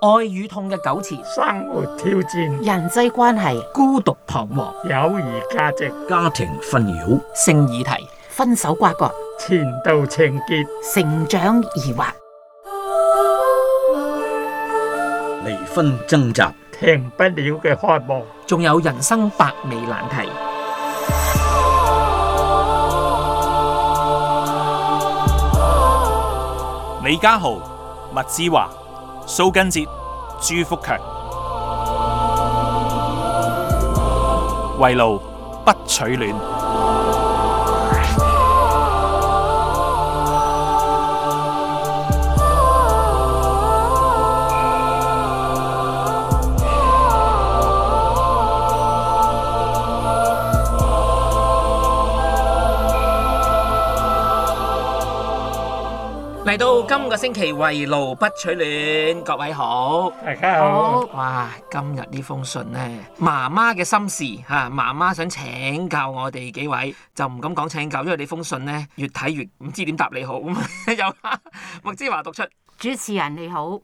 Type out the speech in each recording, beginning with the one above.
愛與痛嘅糾纏，生活挑戰，人際關係，孤獨彷徨，友誼價值，家庭紛擾，性議題，分手瓜葛，前度情結，成長疑惑，離婚掙扎，停不了嘅渴望，仲有人生百味難題。李嘉豪，麥志華。蘇根哲、朱福強，為路不取暖。嚟到今個星期為勞不取暖，各位好，大家好。哇，今日呢封信呢，媽媽嘅心事吓，媽媽想請教我哋幾位，就唔敢講請教，因為呢封信呢，越睇越唔知點答你好。咁啊，有麥之華讀出，主持人你好，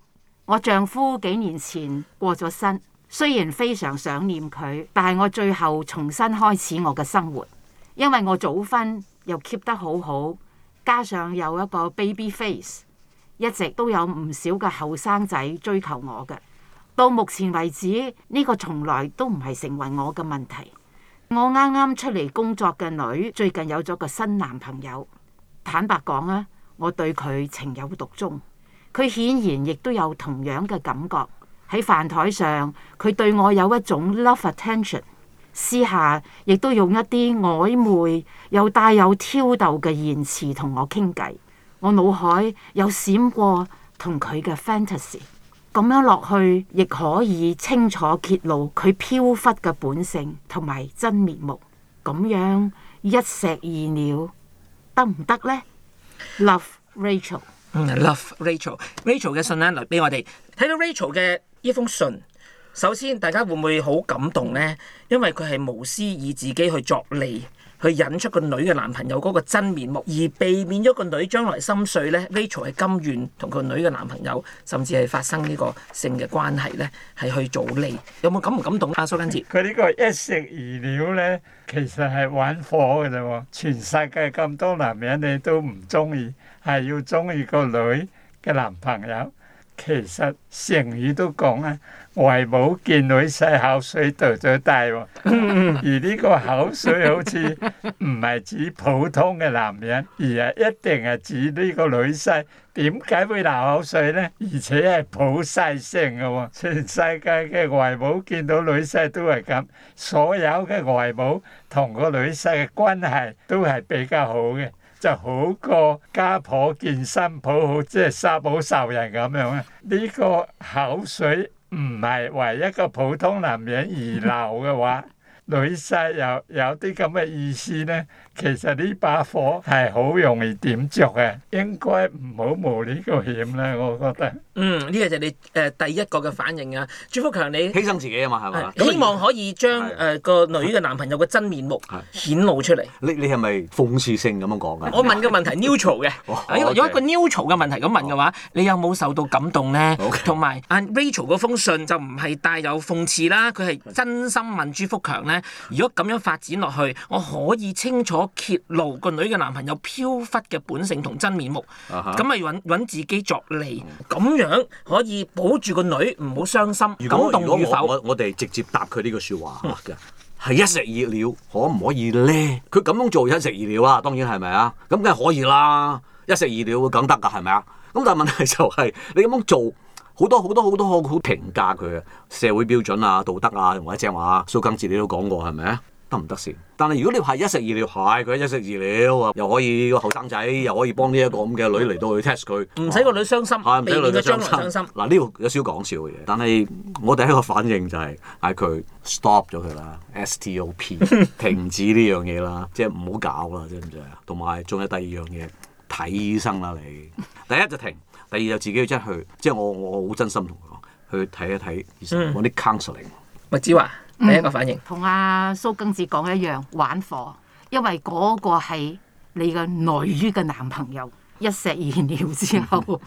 我丈夫幾年前過咗身，雖然非常想念佢，但係我最後重新開始我嘅生活，因為我早婚又 keep 得好好。加上有一個 baby face，一直都有唔少嘅後生仔追求我嘅。到目前為止，呢個從來都唔係成為我嘅問題。我啱啱出嚟工作嘅女最近有咗個新男朋友，坦白講啊，我對佢情有獨鍾。佢顯然亦都有同樣嘅感覺，喺飯台上，佢對我有一種 love attention。私下亦都用一啲曖昧又帶有挑逗嘅言詞同我傾偈，我腦海有閃過同佢嘅 fantasy，咁樣落去亦可以清楚揭露佢飄忽嘅本性同埋真面目，咁樣一石二鳥得唔得呢 Love Rachel，mm. Love Rachel，Rachel 嘅信呢？留俾我哋睇到 Rachel 嘅呢封信。首先，大家會唔會好感動呢？因為佢係無私以自己去作利，去引出個女嘅男朋友嗰個真面目，而避免咗個女將來心碎呢。Rachel 係甘願同個女嘅男朋友，甚至係發生呢個性嘅關係呢，係去做利。有冇感唔感動？阿蘇根哲，佢呢個一石二鳥呢，其實係玩火㗎啫喎。全世界咁多男人，你都唔中意，係要中意個女嘅男朋友。其實成語都講啊。外母見女婿口水都最大喎、哦， 而呢個口水好似唔係指普通嘅男人，而係一定係指呢個女婿。點解會流口水呢？而且係普世性嘅喎、哦。全世界嘅外母見到女婿都係咁，所有嘅外母同個女婿嘅關係都係比較好嘅，就好過家婆見新抱即係三寶仇人咁樣啊！呢、呢個口水。唔係為一個普通男人而鬧嘅話。 女婿又有啲咁嘅意思咧，其實呢把火係好容易點着嘅，應該唔好冒呢個險咧。我覺得嗯，呢個就係你誒第一個嘅反應啊。朱福強，你犧牲自己啊嘛，係嘛？希望可以將誒個、呃、女嘅男朋友嘅真面目顯露出嚟。你你係咪諷刺性咁樣講啊？我問嘅問題 neutral 嘅，有 Okay. 一個 neutral 嘅問題咁問嘅話，你有冇受到感動咧？同埋阿 Rachel 嗰封信就唔係帶有諷刺啦，佢係真心問朱福強咧。如果咁樣發展落去，我可以清楚揭露個女嘅男朋友飄忽嘅本性同真面目，咁咪揾揾自己作嚟，咁樣可以保住個女唔好傷心，果感動與否？我我哋直接答佢呢個說話嘅，係、嗯、一石二鳥，可唔可以呢？佢咁樣做一石二鳥啊？當然係咪啊？咁梗係可以啦，一石二鳥會梗得噶，係咪啊？咁但係問題就係、是、你咁樣做。好多好多好多好好評價佢啊，社會標準啊、道德啊或者正話蘇更哲你都講過係咪啊？得唔得先？但係如果你話一石二鳥，嗌佢一石二鳥啊，又可以、個後生仔又可以幫呢一個咁嘅女嚟到去 test 佢，唔使個女，個女傷心，啊、避免個將來傷心。嗱呢個有少少講笑嘅嘢，但係我第一個反應就係嗌佢 stop 咗佢啦，stop 停止呢樣嘢啦，即係唔好搞啦，知唔知啊？同埋仲有第二樣嘢。睇醫生啦，你第一就停，第二就自己要出去，即係我我好真心同佢講，去睇一睇醫生，揾啲 counseling，麥子華，第一個反應同阿、嗯、蘇更子講一樣，玩火，因為嗰個係你個女嘅男朋友，一石二鳥之後，嗯、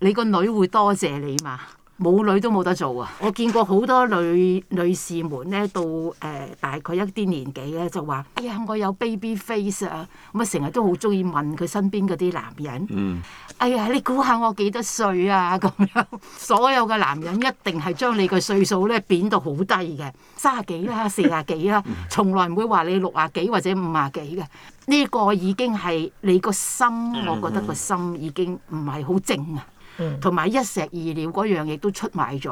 你個女會多謝，謝你嘛。冇女都冇得做啊！我見過好多女女士們咧，到誒、呃、大概一啲年紀咧，就話：哎呀，我有 baby face 啊！咁、嗯、啊，成日都好中意問佢身邊嗰啲男人。哎呀，你估下我幾多歲啊？咁樣，所有嘅男人一定係將你嘅歲數咧貶到好低嘅，三十幾啊幾啦，四十幾啊幾啦，從來唔會話你六啊幾或者五幾啊幾嘅。呢、這個已經係你個心，我覺得個心已經唔係好正啊。同埋、嗯、一石二鳥嗰樣嘢都出賣咗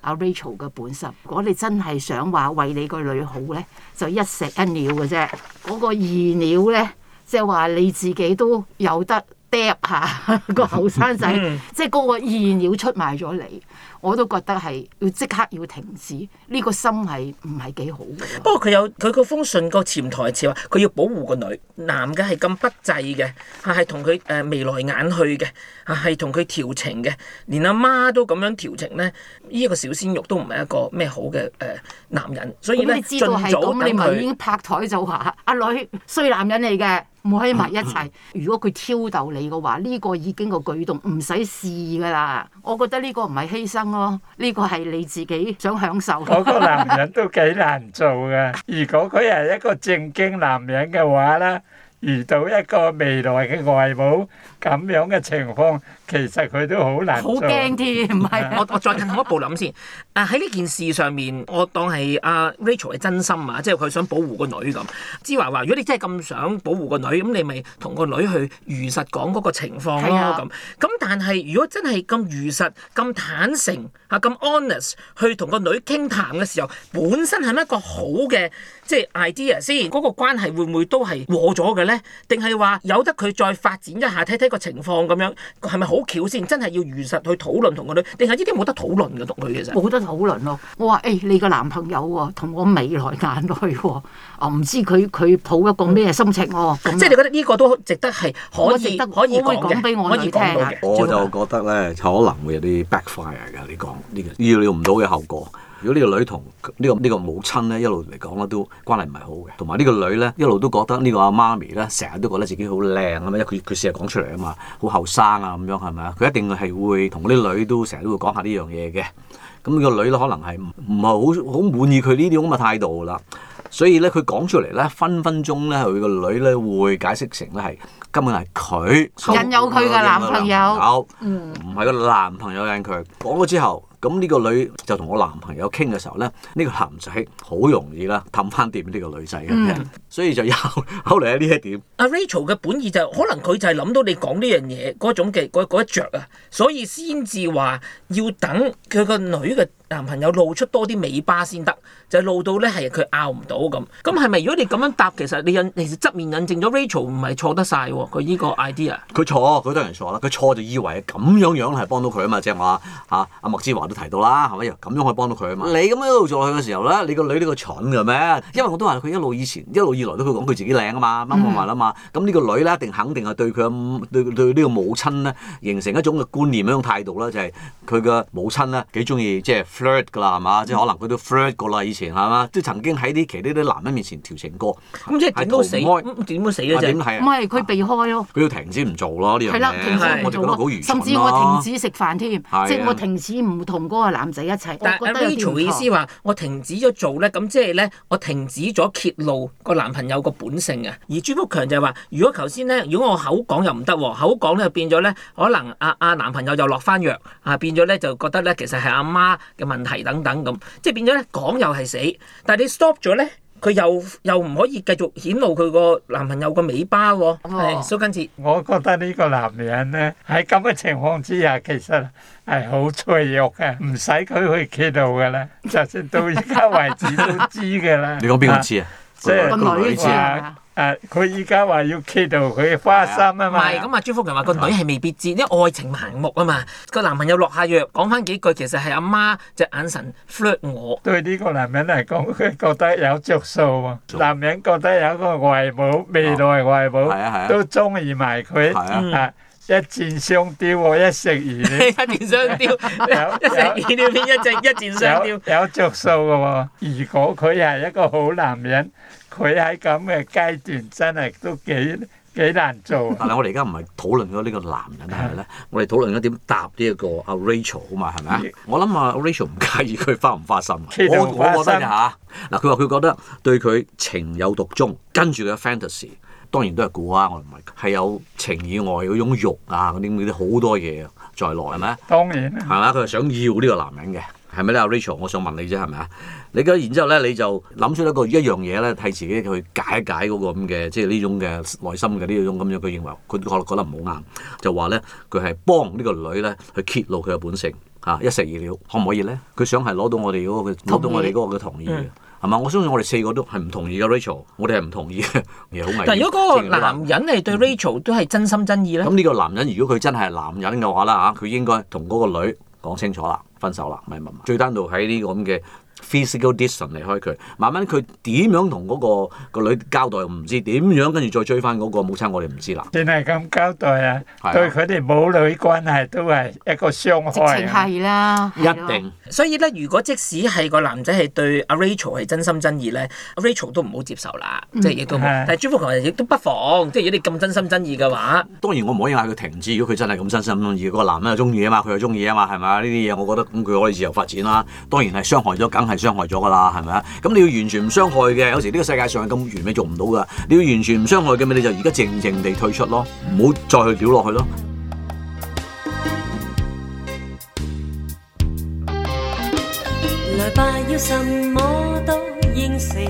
阿 Rachel 嘅本心。如果你真係想話為你個女好咧，就一石一鳥嘅啫。嗰、嗰個二鳥咧，即係話你自己都有得 drop 下個後生仔。 嗯、即係嗰個二鳥出賣咗你。我都覺得係要即刻要停止呢，這個心係唔係幾好嘅。不過佢有佢個封信個潛台詞話佢要保護個女，男嘅係咁不濟嘅，嚇係同佢誒，眉來眼去嘅嚇，係同佢調情嘅，連阿媽都咁樣調情咧，呢，這個，一個小鮮肉都唔係一個咩好嘅，誒，男人，所以咧盡早咁咪已經拍台就話阿，啊，女衰男人嚟嘅，唔可以喺埋一齊。如果佢挑逗你嘅話，呢，這個已經個舉動唔使試㗎啦。我覺得呢個唔係犧牲。呢個係你自己想享受。嗰個男人都幾難做嘅。如果佢係一個正經男人嘅話呢，遇到一個未來嘅外母咁樣嘅情況。其實佢都好難好驚添，唔係我我再進一步諗先。誒喺呢件事上面，我當係阿 Rachel 嘅真心啊，即係佢想保護個女咁。之華話，如果你真係咁想保護個女，咁你咪同個女去如實講個情況咯咁。咁但係如果真係咁如實咁坦誠啊咁 honest 去同個女傾談嘅時候，本身係咪一個好嘅即係 idea 先？個關係會唔會都係破咗嘅咧？定係話由得佢再發展一下，睇睇個情況咁樣係咪好？是好巧先，真係要如實去討論同佢女，定係呢啲冇得討論嘅同佢嘅，實冇得討論咯。我話誒、欸，你個男朋友同、啊、我未來眼女喎、啊，啊唔知佢佢抱一個咩心情哦。即係你覺得呢個都值得係可以，得可以講俾我女聽。我就覺得咧，可能會有啲 backfire 噶，你講呢、這個意料唔到嘅後果。如果呢個女同呢、呢個呢、呢個母親咧一路嚟講咧都關係唔係好嘅，同埋呢個女咧一路都覺得個媽媽呢個阿媽咪咧成日都覺得自己好靚啊嘛，因為佢佢成日講出嚟啊嘛，好後生啊咁樣係咪啊？佢一定係會同啲女都成日都會講下呢樣嘢嘅。咁、嗯、呢、呢個女咧可能係唔唔係好好滿意佢呢啲咁嘅態度啦。所以咧佢講出嚟咧分分鐘咧佢個女咧會解釋成咧係根本係佢引誘佢嘅男朋友，唔係個男朋友引佢講咗之後。咁呢個女就同我男朋友傾嘅時候咧，呢、呢個男仔好容易啦氹翻掂呢個女仔嘅、嗯就是，所以就拗，拗嚟喺呢一點。阿 Rachel 嘅本意就可能佢就係諗到你講呢樣嘢嗰種嘅嗰一着啊，所以先至話要等佢個女嘅男朋友露出多啲尾巴先得，就係、是、露到咧係佢拗唔到咁。咁係咪如果你咁樣答，其實你其實側面印證咗 Rachel 唔係錯得晒喎，佢呢個 idea。佢錯，佢多人都錯啦。佢錯就以為咁樣樣係幫到佢、就是、啊嘛，即係話嚇阿麥之華。都提到啦，係咪又咁樣可以幫到佢啊嘛？你咁樣一路做下去嘅時候咧，你個女呢個蠢嘅咩？因為我都話佢一路以前一路以來都佢講佢自己靚啊嘛，乜乜話啦嘛。咁呢、嗯嗯嗯呢個女咧一定肯定係對佢對呢個母親咧形成一種嘅觀念，一種態度啦，就係佢嘅母親咧幾中意即係 flirt 噶啦，係嘛？即、就、係、是就是、可能佢都 flirt 過啦，以前係嘛？即係曾經喺啲其他啲男人面前調情過。咁、嗯、即係點都死？點會死，點樣死啊？唔係佢避開咯，佢要停止唔做咯。呢樣係啦，停止唔做咯。做甚至我停止食飯添，即我停止唔同。同嗰個男仔一齊，但阿 Rachel 意思話：我停止咗做呢。咁即係呢，我停止咗揭露個男朋友個本性啊。而朱福強就話：如果頭先呢，如果我口講又唔得喎，口講咧變咗呢，可能阿、啊、阿男朋友又落翻藥啊，變咗呢就覺得呢其實係阿媽嘅問題等等咁，即係變咗呢，講又係死，但係你 stop 咗呢。佢又又唔可以繼續顯露佢個男朋友個尾巴喎，所以跟住。呃、所以我覺得呢個男人咧喺咁嘅情況之下，其實係好脆弱嘅，唔使佢去揭露噶啦，就算到而家為止都知噶啦。你講邊個知啊？即係個女啊！佢依家話要激動佢嘅花心啊嘛。唔係咁啊，啊啊朱福林話個女係未必知，因為愛情盲目啊嘛。個、啊、男朋友落下藥，講翻幾句其實係阿媽隻眼神 flirt 我。對呢個男人嚟講，佢覺得有着數喎。男人覺得有一個外母，未來外母都中意埋佢啊。一箭雙雕喎，一食魚。一箭雙雕，一食魚一隻一箭雙雕，有着數嘅喎，如果佢係一個好男人，佢喺咁嘅階段真係都幾幾難做。但係我哋而家唔係討論咗呢個男人係咪咧？我哋討論咗點答呢一個阿 Rachel 啊嘛，係咪啊？嗯、我諗啊，Rachel 唔介意佢花唔花心。我我覺得嚇，嗱佢話佢覺得對佢情有獨鍾，跟住佢嘅 fantasy。當然都係估啊！我唔係係有情以外嗰種慾啊，嗰啲啲好多嘢在內係咪？當然啦，係嘛？佢係想要呢個男人嘅，係咪咧？阿 Rachel，我想問你啫，係咪啊？你然之後咧，你就諗出一個一樣嘢咧，替自己去解一解嗰、嗰個咁嘅，即係呢種嘅內心嘅呢種咁樣。佢認為佢可能覺得唔好啱，就話咧佢係幫呢幫個女咧去揭露佢嘅本性嚇，一食二料，可唔可以咧？佢想係攞到我哋嗰個，攞到我哋嗰個嘅同意。係嘛？我相信我哋四個都係唔同意嘅，Rachel，我哋係唔同意嘅，而 好但如果嗰個男人係對 Rachel、嗯、都係真心真意咧，咁呢個男人如果佢真係男人嘅話啦嚇，佢應該同嗰個女講清楚啦，分手啦，咪咪咪。最單獨喺呢個咁嘅。Physical distance 離開佢，慢慢佢點樣同嗰個女交代唔知點樣，跟住再追翻嗰個母親，冇差我哋唔知啦。淨係咁交代啊？吧對佢哋母女關係都係一個傷害，啊。直情係啦，一定。的所以咧，如果即使係個男仔係對 Rachel 係真心真意咧、啊，Rachel 都唔好接受啦，嗯、即係亦都。的但係朱福強亦都不妨，即係如果你咁真心真意嘅話，當然我唔可以嗌佢停止。如果佢真係咁真心咁中意，嗰、那個男人又中意啊嘛，佢又中意啊嘛，係咪啊？呢啲嘢我覺得咁佢可以自由發展啦。當然係傷害咗，梗係。 傷害咗噶啦，係咪啊？咁你要完全唔傷害嘅，有時呢個世界上係咁完美做唔到噶。你要完全唔傷害嘅，咪你就而家靜靜地退出咯，唔好再去撩落去咯。來 吧樂，要什麼都應承，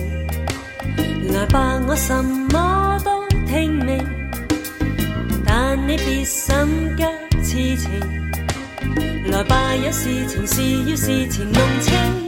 來 吧樂，我什麼都聽命，但你別心急痴情。來吧，有事情是要事情弄清。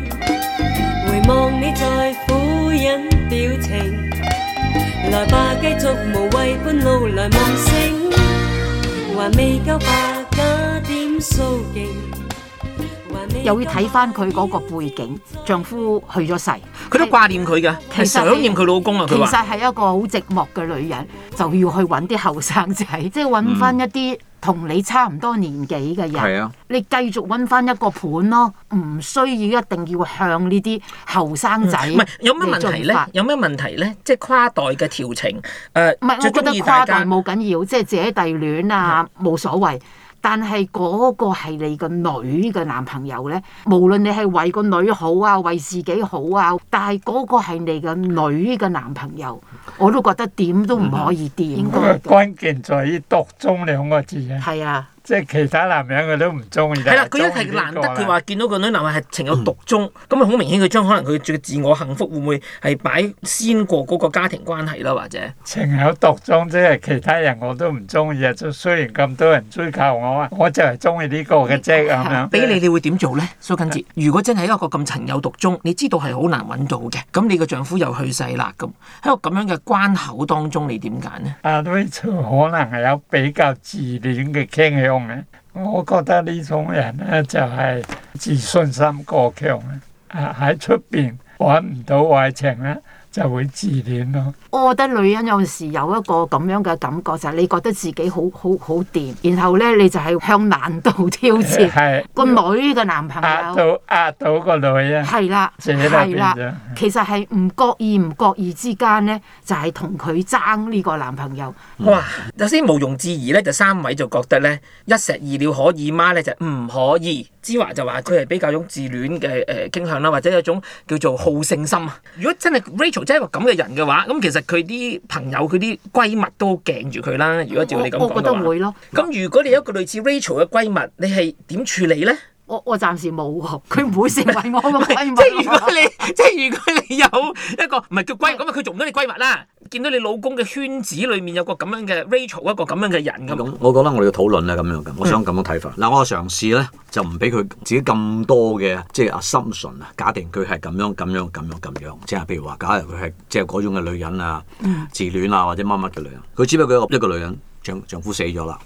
回望望你在苦忍表情，來吧，繼續無畏。路來望星，未又會睇翻佢嗰個背景，丈夫去咗世，佢都掛念佢嘅，係是想念佢老公啊！佢話其實係說一個好寂寞嘅女人，就要去揾啲後生仔，即係揾翻一啲、嗯。同你差唔多年紀嘅人，你繼續揾翻一個盤咯，唔需要一定要向呢啲後生仔。唔係、嗯、有咩問題咧？有咩問題咧？即係跨代嘅調情，誒、呃，唔係是喜我覺得跨代冇緊要，即係姐弟戀啊，冇所謂。嗯 但係嗰個係你個女嘅男朋友咧，無論你係為個女好啊，為自己好啊，但係嗰個係你嘅女嘅男朋友，我都覺得點都唔可以掂。嗯、應該關鍵在於讀中兩個字啊。係啊。即係其他男人佢都唔中意。係啦的，佢、這個、一係難得佢話見到個女男人係情有獨鍾，咁啊好明顯佢將可能佢嘅自我幸福會唔會係擺先過嗰個家庭關係啦，或者情有獨鍾即係其他人我都唔中意啊！就雖然咁多人追求我，我就係中意呢個嘅啫咁樣。俾你你會點做咧？蘇根哲， 如果真係一個咁情有獨鍾，你知道係好難揾到嘅，咁你個丈夫又去世啦，咁喺個咁樣嘅關口當中，你點揀呢？啊，都可能係有比較自戀嘅傾向。我覺得呢種人咧、啊、就係、是、自信心過強啊！喺出邊揾唔到愛情咧、啊。就會自戀咯。我覺得女人有時有一個咁樣嘅感覺，就係你覺得自己好好好掂，然後咧你就係向難度挑戰 是。係個女嘅男朋友壓到壓到個女啊！係啦，係啦，其實係唔覺意唔覺意之間咧，就係同佢爭呢個男朋友。嗯、哇！有啲毋庸置疑咧，就三位就覺得咧一石二鳥可以嗎？咧就唔可以。之華就話佢係比較種自戀嘅誒傾向啦，或者有種叫做好勝心。如果真係即係話咁嘅人嘅話，咁其實佢啲朋友佢啲閨蜜都鏡住佢啦。如果照你咁講嘅話，我覺得會囉。咁如果你有一個類似 Rachel 嘅閨蜜，你係點處理咧？我我暫時冇佢唔會成為我嘅、嗯、即係如果你， 即係如果你有一個唔係叫閨蜜咁啊，佢 做唔到你閨蜜啦、啊。見到你老公嘅圈子裏面有個咁樣嘅 Rachel，一個咁樣嘅人咁。嗯、樣我覺得我哋要討論係咁樣嘅，嗯、我想咁樣睇法。嗱，我嘗試咧就唔俾佢自己咁多嘅，即係啊，assumption 啊，假定佢係咁樣咁樣咁樣咁樣，即係譬如話，假如佢係即係嗰種嘅女人啊，自戀啊或者乜乜嘅女人，佢只不過一個女人，丈丈夫死咗啦。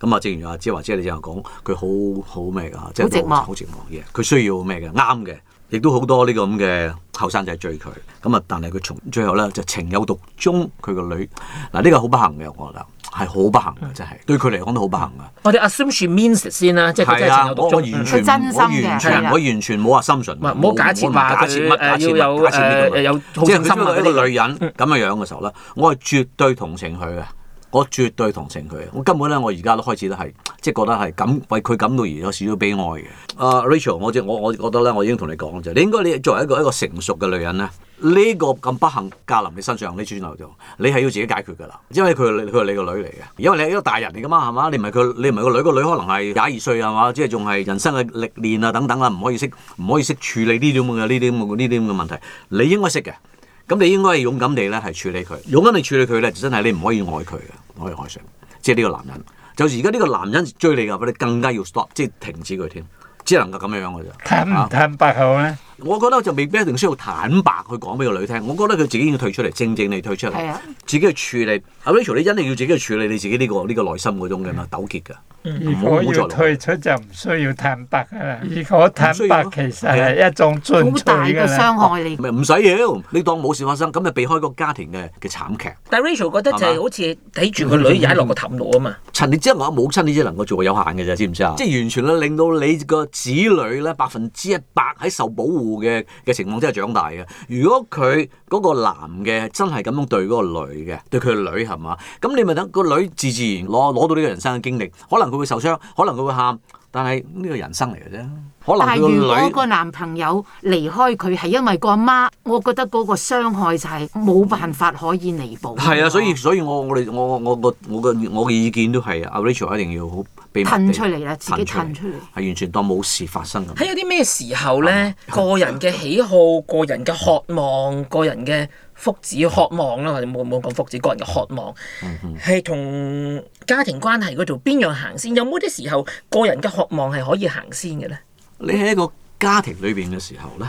咁啊，正如阿芝、華姐你成日講，佢好好咩㗎，即係好寂寞，好寂寞嘅。佢需要咩嘅？啱嘅，亦都好多呢個咁嘅後生仔追佢。咁啊，但係佢從最後咧就情有獨鍾佢個女。嗱，呢個好不幸嘅，我覺得係好不幸嘅，真係對佢嚟講都好不幸嘅。我哋 assume means 先啦，即係佢真真心我完全唔可完全冇話心存，唔好假設話誒要有誒有，即係佢一個女人咁嘅樣嘅時候咧，我係絕對同情佢嘅。我絕對同情佢，我根本咧，我而家都開始都係即係覺得係感為佢感到而有少少悲哀嘅。阿、uh, Rachel，我即我我覺得咧，我已經同你講就你應該你作為一個一個成熟嘅女人咧，呢、呢個咁不幸降臨你身上，呢轉頭就你係要自己解決噶啦。因為佢佢係你個女嚟嘅，因為你係一個大人嚟噶嘛，係嘛？你唔係佢，你唔係個女，個女可能係廿二歲係嘛？即係仲係人生嘅歷練啊，等等啦、啊，唔可以識唔可以識處理呢種嘅呢啲咁呢啲咁嘅問題，你應該識嘅。咁你應該係勇敢地咧，係處理佢。勇敢地處理佢咧，就真係你唔可以愛佢嘅，唔可以愛上。即係呢個男人，就而家呢個男人追你嘅話，你更加要 stop，即係停止佢添。只能夠咁樣嘅啫。氹氹白球我覺得就未必一定需要坦白去講俾個女聽。我覺得佢自己要退出嚟，正正地退出嚟，啊、自己去處理。阿 Rachel，你一定要自己去處理你自己呢、呢個呢、呢個內心嗰種㗎嘛，嗯、糾結㗎。如果，如果退出就唔需要坦白啊。如果坦白其實係一種最大嘅傷害你。唔使、哦、要，你當冇事發生，咁咪避開嗰個家庭嘅嘅慘劇。但 Rachel 覺得就係好似抵住個女踩落個氹度啊嘛。嗯嗯、陳列即係我母親你啲能夠做嘅有限嘅啫，知唔知啊？即係完全令到你個子女咧百分之一百喺受保護。嘅嘅情況真係長大嘅。如果佢嗰個男嘅真係咁樣對嗰個女嘅，對佢個女係嘛？咁你咪等個女自自然攞攞到呢個人生嘅經歷，可能佢會受傷，可能佢會喊。但係呢個人生嚟嘅啫。可能係如果個男朋友離開佢係因為個阿媽，我覺得嗰個傷害就係冇辦法可以彌補。係、嗯、啊，所以所以我我哋我我我個我個我嘅意見都係啊，Rachel 一定要好被吞出嚟啦，自己褪出嚟。係完全當冇事發生咁。喺有啲咩時候咧？個人嘅喜好、個人嘅渴望、個人嘅。福祉渴望啦，或者冇冇講福祉，個人嘅渴望係同、嗯、哼家庭關係嗰度邊樣行先？有冇啲時候個人嘅渴望係可以行先嘅咧？你喺一個家庭裏邊嘅時候咧，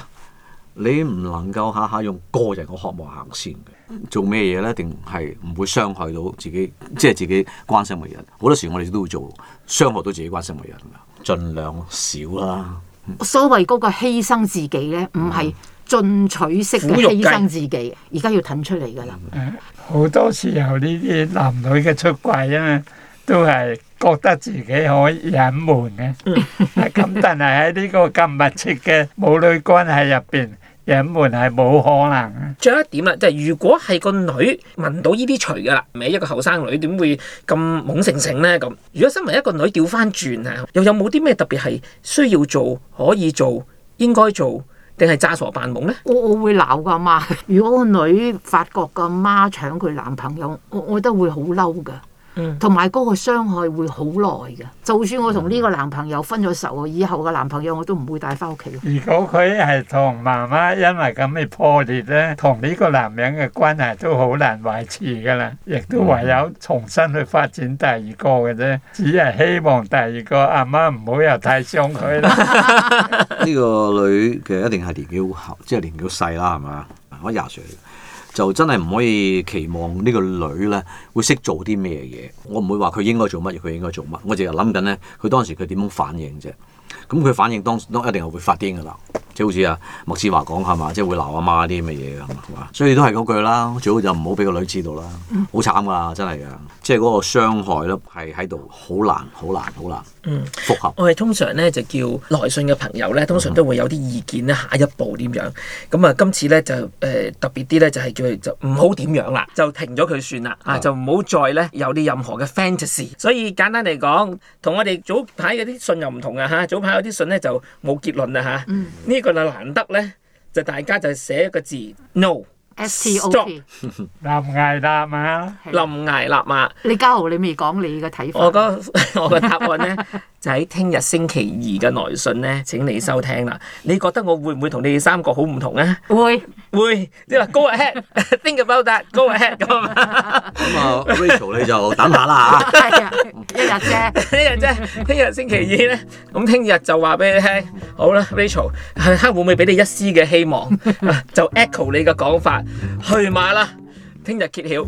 你唔能夠下下用個人嘅渴望行先嘅，做咩嘢咧？定係唔會傷害到自己，即、就、係、是、自己關心嘅人。好多時我哋都會做傷害到自己關心嘅人嘅，盡量少啦、啊。嗯、所謂嗰個犧牲自己咧，唔係、嗯。進取式犧牲自己，而家要褪出嚟噶啦。誒，好多時候呢啲男女嘅出軌啊，都係覺得自己可以隱瞞嘅。咁但係喺呢個咁密切嘅母女關係入邊，隱瞞係冇可能。仲有一點啦，就係如果係個女聞到呢啲除噶啦，咪一個後生女點會咁懵成成咧咁？如果身為一個女掉翻轉啊，又有冇啲咩特別係需要做、可以做、應該做？定係詐傻扮懵咧？我我會鬧噶媽，如果個女發覺個媽搶佢男朋友，我我覺得會好嬲噶。同埋嗰個傷害會好耐嘅，就算我同呢個男朋友分咗手啊，嗯、以後嘅男朋友我都唔會帶翻屋企。如果佢係同媽媽因為咁嘅破裂咧，同呢個男人嘅關係都好難維持噶啦，亦都唯有重新去發展第二個嘅啫。只係希望第二個阿媽唔好又太傷佢啦。呢 個女其實一定係年紀好，即係年紀細啦，係嘛？我廿歲。就真係唔可以期望呢個女咧會識做啲咩嘢，我唔會話佢應該做乜嘢，佢應該做乜，我淨係諗緊咧，佢當時佢點樣反應啫？咁、嗯、佢反應當當一定係會發癲噶啦。好似啊，莫志華講係嘛，即係會鬧阿媽啲咁嘅嘢嘅，係嘛，所以都係嗰句啦，最好就唔好俾個女知道啦，好、嗯、慘㗎，真係嘅，即係嗰個傷害咧係喺度，好難，好難，好難，嗯，複合。我哋通常咧就叫來信嘅朋友咧，通常都會有啲意見咧，下一步點樣？咁啊，今次咧就誒、呃、特別啲咧，就係叫佢就唔好點樣啦，就停咗佢算啦，嗯、啊，就唔好再咧有啲任何嘅 fantasy。所以簡單嚟講，我同我哋早排嗰啲信又唔同啊。嚇，早排嗰啲信咧就冇結論啦嚇，呢、啊、個。嗯難得咧，就大家就寫一個字 No，Stop，臨崖勒馬，臨崖勒馬。李嘉豪，你未講你嘅睇法？我個我個答案咧。 就喺聽日星期二嘅來信咧，請你收聽啦。你覺得我會唔會同你哋三個好唔同咧？會會，即係話 Go ahead，Think about that，Go ahead 咁啊嘛。咁啊，Rachel 你就等下啦嚇，一日啫，一日啫，聽日星期二咧。咁聽日就話俾你聽，好啦，Rachel 係會唔會俾你一絲嘅希望？就 echo 你嘅講法，去馬啦，聽日揭曉。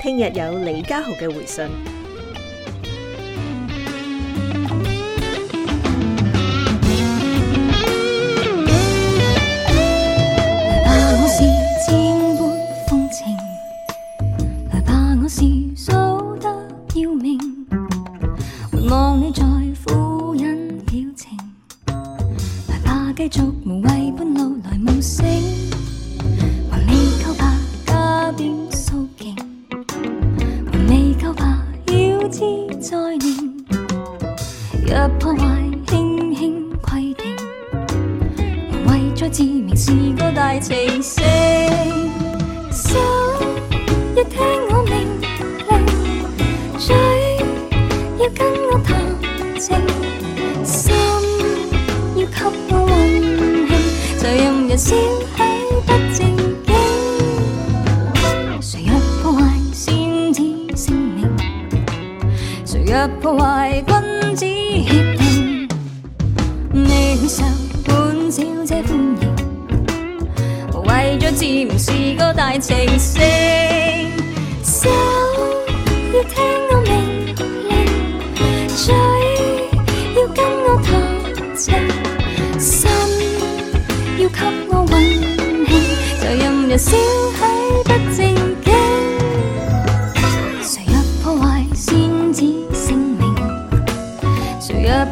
聽日有李家豪嘅回信。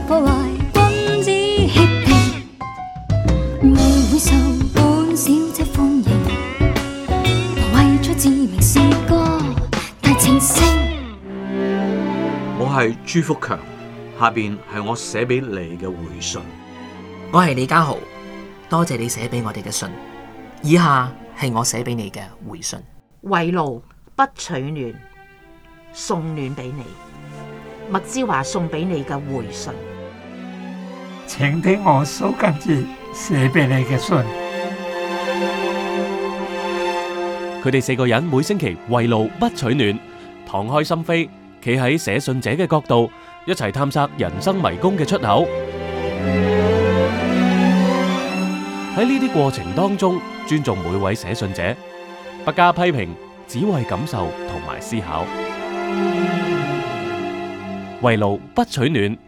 破君子協定，未會受半小歡迎。為咗自命係個大情聖，我係朱福強，下邊係我寫俾你嘅回信。我係李家豪，多謝你寫俾我哋嘅信，以下係我寫俾你嘅回信。為路不取暖，送暖俾你。麥之華送俾你嘅回信。請聽我訴緊之寫俾你嘅信。佢哋四個人每星期圍爐不取暖，敞開心扉，企喺寫信者嘅角度，一齊探索人生迷宮嘅出口。喺呢啲過程當中，尊重每位寫信者，不加批評，只為感受同埋思考。圍爐不取暖。